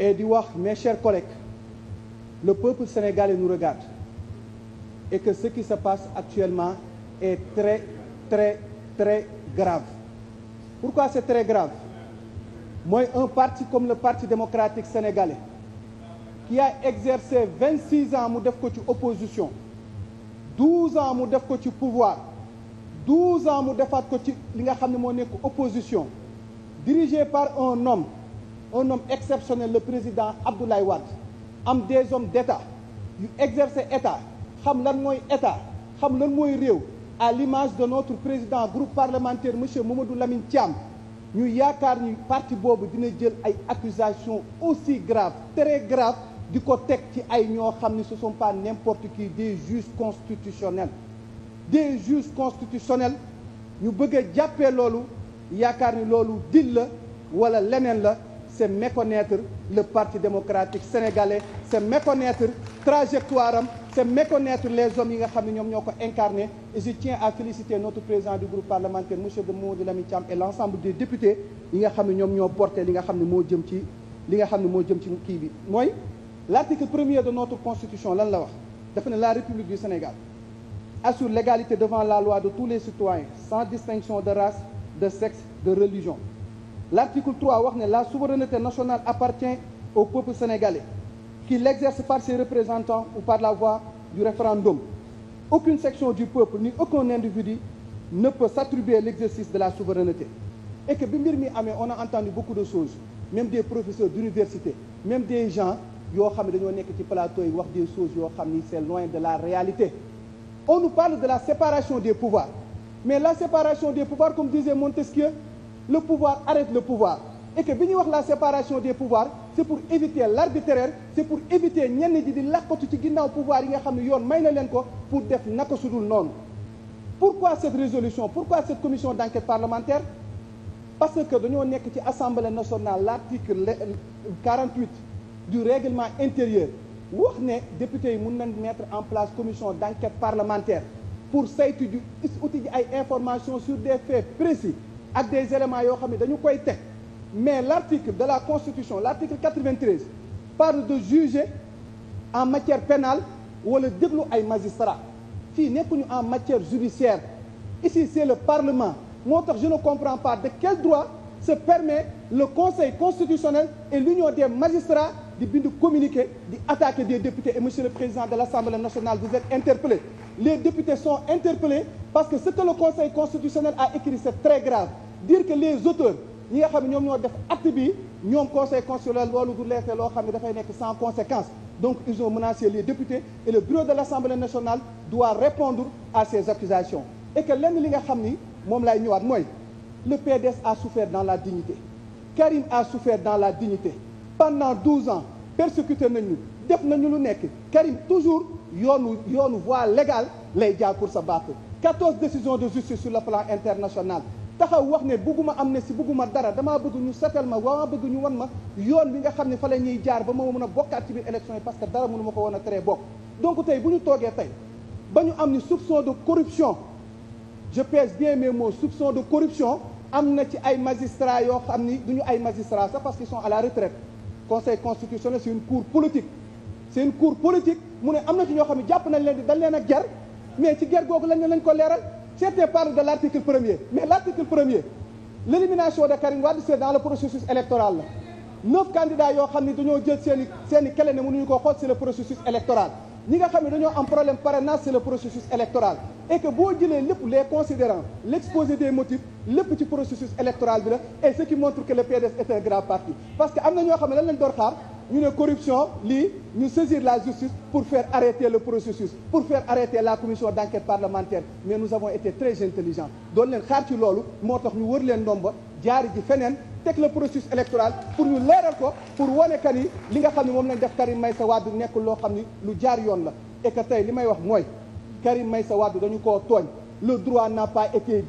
et di wax mes chers collègues le peuple sénégalais nous regarde et que ce qui se passe actuellement est très très très grave pourquoi c'est très grave mooy un parti comme le parti démocratique sénégalais qui a exercé vingt six ans mu def ko ci opposition douze ans mu def ko ci pouvoir douze ans mu defaat ko ci li nga xam ne moo nekk opposition dirigé par un homme un homme exceptionnel le président Abdoulaye Wade am des hommes d'État yu exercer État xam lan mooy État xam lan mooy réew à l'image de notre président groupe parlementaire monsieur Mamadou ci Thiam ñu yaakaar ni parti boobu dina jël ay accusations aussi graves très graves di ko teg ci ay ñoo xam ne ce sont pas n'importe qui des juges constitutionnels des juges constitutionnels ñu bëggee a jàppee loolu yaakaar ni loolu dil la wala leneen la c'est méconnaître le Parti démocratique sénégalais c'est méconnaître trajectoire am c'est méconnaître les hommes yi nga xam ne ñoom ñoo ko incarne et je tiens à féliciter notre président du groupe parlementaire monsieur de Mamadou Lamine Thiam et l'ensemble des députés yi nga xam ne ñoom ñoo porté li nga xam ne moo jëm ci li xam ne moo jëm ci kii bi mooy l'article premier de notre constitution lan la wax dafa ne la République du Sénégal assure l'égalité devant la loi de tous les citoyens sans distinction de race de sexe L'article trois wax ne la souveraineté nationale appartient au peuple sénégalais qui l'exerce par ses représentants ou par la voie du référendum. Aucune section du peuple ni aucun individu ne peut s'attribuer l'exercice de la souveraineté. Et que bi mbir mi amee on a entendu beaucoup de choses même des professeurs d'université même des gens yoo xam ne dañoo nekk ci plateau yi wax des choses yoo xam ni c'est loin de la réalité. On nous parle de des pouvoirs mais la séparation des pouvoirs comme le pouvoir arrête le pouvoir et que bi ñuy wax la séparation des pouvoirs c'est pour éviter l'arbitraire c'est pour éviter ñenn ji di làqatu ci ginnaaw pouvoir yi nga xam ne yoon may na leen ko pour def naka sudul noonu pourquoi cette résolution pourquoi cette commission d'enquête parlementaire parce que dañoo nekk ci assemblée nationale l'article 48 du règlement intérieur wax ne député yi mën nañ mettre en place commission d'enquête parlementaire pour saytu ju uti ay informations sur des faits précis ak des éléments yoo xam ne dañu koy teg mais l'article de la constitution l'article 93 parle de juger en matière pénale wala déglu ay magistrat fii nekkuñu en matière judiciaire ici c'est le parlement moo tax je ne comprends de quel droit se permet le conseil constitutionnel et l'union des magistrats di bind communiqué di attaquer des députés et monsieur le président de l'Assemblée nationale vous êtes interpellé les députés sont interpellés parce que ce que le Conseil constitutionnel a écrit c'est très grave dire que les auteurs ñi nga xam ne ñoom ñoo def acte bi ñoom Conseil constitutionnel loolu du leete loo xam ne dafay nekk sans conséquence donc ils ont menacé les députés et le bureau de l'Assemblée nationale doit répondre à ces accusations et que li nga xam ni moom lay ñëwaat mooy le PDS a souffert dans la dignité Karim a souffert dans la dignité pendant douze ans persécuté nañu def nañu lu nekk Karim toujours yoonu yoonu voie légale lay jaar pour sa battre quatorze décisions de justice sur le plan international taxaw wax ne am bëgguma si bëgguma dara damaa bëgg ñu setal ma waa bëgg ñu wan ma yoon bi nga xam ne fa la ñuy jaar ba ma mën a bokkaat ci biir élection yi parce que dara mënu ma ko woon a tere bokk donc tey bu ñu toogee tey ba ñu am ni soupçon de corruption je pèse bien mes mots soupçon de corruption am na ci ay magistrats yoo xam ni du ñu ay magistrats sax parce qu'ils sont à la conseil constitutionnel c'est une cour politique c'est une cour politique mu ne am na ci ñoo xam ne jàpp nañ leen di dañ leen ak ger mais ci ger googu lañ lañ ko leeral certains parlent de l'article premier mais l'article premier l'élimination de Karim Wade c'est dans le processus électoral la neuf candidats yoo xam ne dañoo jël seen i seen i kele ne mënuñu ko xool c'est le processus électoral ñi nga xam ne dañoo am problème parrainage c'est le processus électoral et que boo jëlee lépp les considérants l'exposé des motifs lépp ci processus électoral bi la et ce qui montre que le PDS est un grand parti parce que am na ñoo xam ne lan lañ door xaar ñu ne corruption lii ñu saisir la justice pour faire arrêter le processus pour faire arrêter la commission d'enquête parlementaire mais nous avons été très intelligents doon leen xaar ci loolu moo tax ñu wër leen ndomba jaari ji feneen teg le processus électoral pour ñu leeral ko pour wane que ni li nga xam ne moom lañ def may sa Wade nekk loo xam ni lu jaar yoon la et tey li may wax mooy may sa Wade dañu koo tooñ le droit n'a pas été